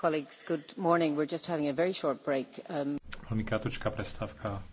Colleagues, good morning. We're just having a very short break. Um... Veľmi krátka prestávka.